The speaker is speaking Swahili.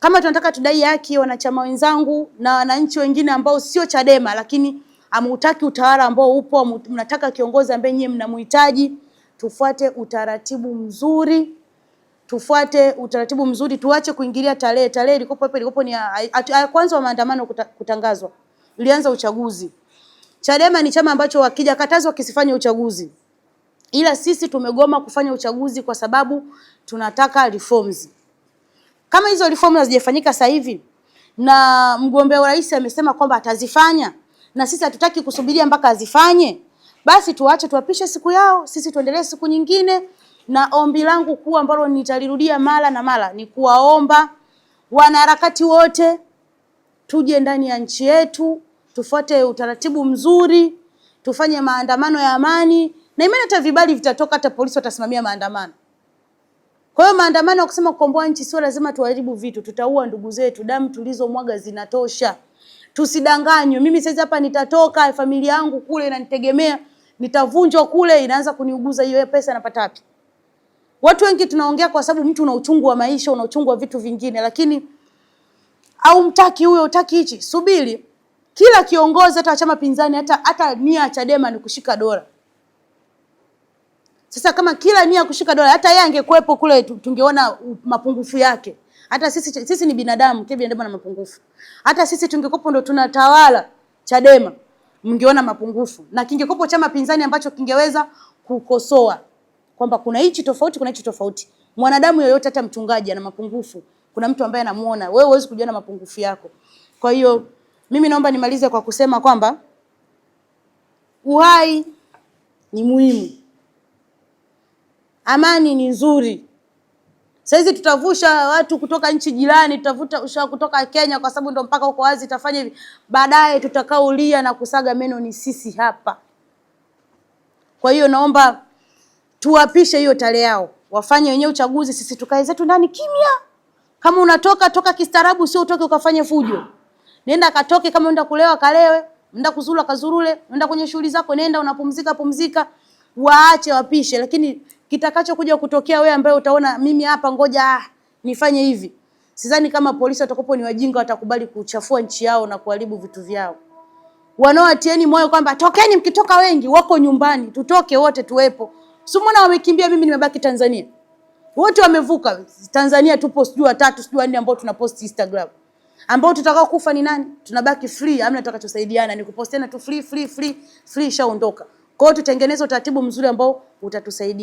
Kama tunataka tudai haki, wanachama wenzangu na wananchi wengine ambao sio Chadema, lakini ameutaki utawala ambao upo, mnataka kiongozi ambaye nyie mnamhitaji, tufuate utaratibu mzuri, tufuate utaratibu mzuri, tuache kuingilia tarehe. Tarehe ilikopo hapo, ilikopo ni ya kwanza wa maandamano kutangazwa, ilianza uchaguzi. Chadema ni chama ambacho wakija katazwa kisifanye uchaguzi, ila sisi tumegoma kufanya uchaguzi kwa sababu tunataka reforms. Kama hizo reform hazijafanyika sasa hivi na mgombea urais amesema kwamba atazifanya na sisi hatutaki kusubiria mpaka azifanye, basi tuache tuwapishe siku yao, sisi tuendelee siku nyingine. Na ombi langu kuu ambalo nitalirudia mara na mara ni kuwaomba wanaharakati wote tuje ndani ya nchi yetu, tufuate utaratibu mzuri, tufanye maandamano ya amani, na imani hata vibali vitatoka, hata polisi watasimamia maandamano. Kwa hiyo maandamano ya kusema kukomboa nchi sio lazima tuharibu vitu, tutaua ndugu zetu, damu tulizomwaga zinatosha. Tusidanganywe. Mimi sasa hapa nitatoka, familia yangu kule inanitegemea, nitavunjwa kule, inaanza kuniuguza hiyo pesa napata wapi? Watu wengi tunaongea kwa sababu mtu una uchungu wa maisha, una uchungu wa vitu vingine, lakini au mtaki huyo, utaki hichi, subiri. Kila kiongozi hata wa chama pinzani, hata hata nia ya Chadema ni kushika dola. Sasa kama kila nia kushika dola, hata yeye angekuepo kule tungeona mapungufu yake. Hata sisi sisi ni binadamu, kile binadamu na mapungufu. Hata sisi tungekopo ndo tunatawala Chadema, mngeona mapungufu. Na kingekopo chama pinzani ambacho kingeweza kukosoa kwamba kuna hichi tofauti, kuna hichi tofauti. Mwanadamu yoyote hata mchungaji ana mapungufu. Kuna mtu ambaye anamuona, wewe huwezi kujiona mapungufu yako. Kwa hiyo mimi naomba nimalize kwa kusema kwamba uhai ni muhimu amani ni nzuri. Saizi tutavusha watu kutoka nchi jirani, tutavuta kutoka Kenya kwa sababu ndo mpaka uko wazi, itafanya hivi baadaye, tutakaulia na kusaga meno ni sisi hapa. Kwa hiyo naomba tuwapishe hiyo tarehe yao, wafanye wenyewe uchaguzi, sisi tukae zetu ndani kimya. Kama unatoka toka kistaarabu, sio utoke ukafanye fujo. Nenda katoke, kama unaenda kulewa kalewe, unaenda kuzuru kazurule, unaenda kwenye shughuli zako, nenda unapumzika pumzika, waache wapishe, lakini kitakachokuja kutokea wewe ambaye utaona mimi hapa ngoja nifanye hivi. Sidhani kama polisi watakapo ni wajinga watakubali kuchafua nchi yao na kuharibu vitu vyao. Wanaowatieni moyo kwamba tokeni, mkitoka wengi wako nyumbani, tutoke wote tuwepo. Si mbona wamekimbia, mimi nimebaki Tanzania. Wote wamevuka Tanzania, tupo sijui watatu sijui wanne ambao tuna post Instagram. Ambao tutakao kufa ni nani? Tunabaki free, amna tutakachosaidiana, ni kupostiana tu free free free free, shaondoka. Kwa hiyo tutengeneze utaratibu mzuri ambao utatusaidia.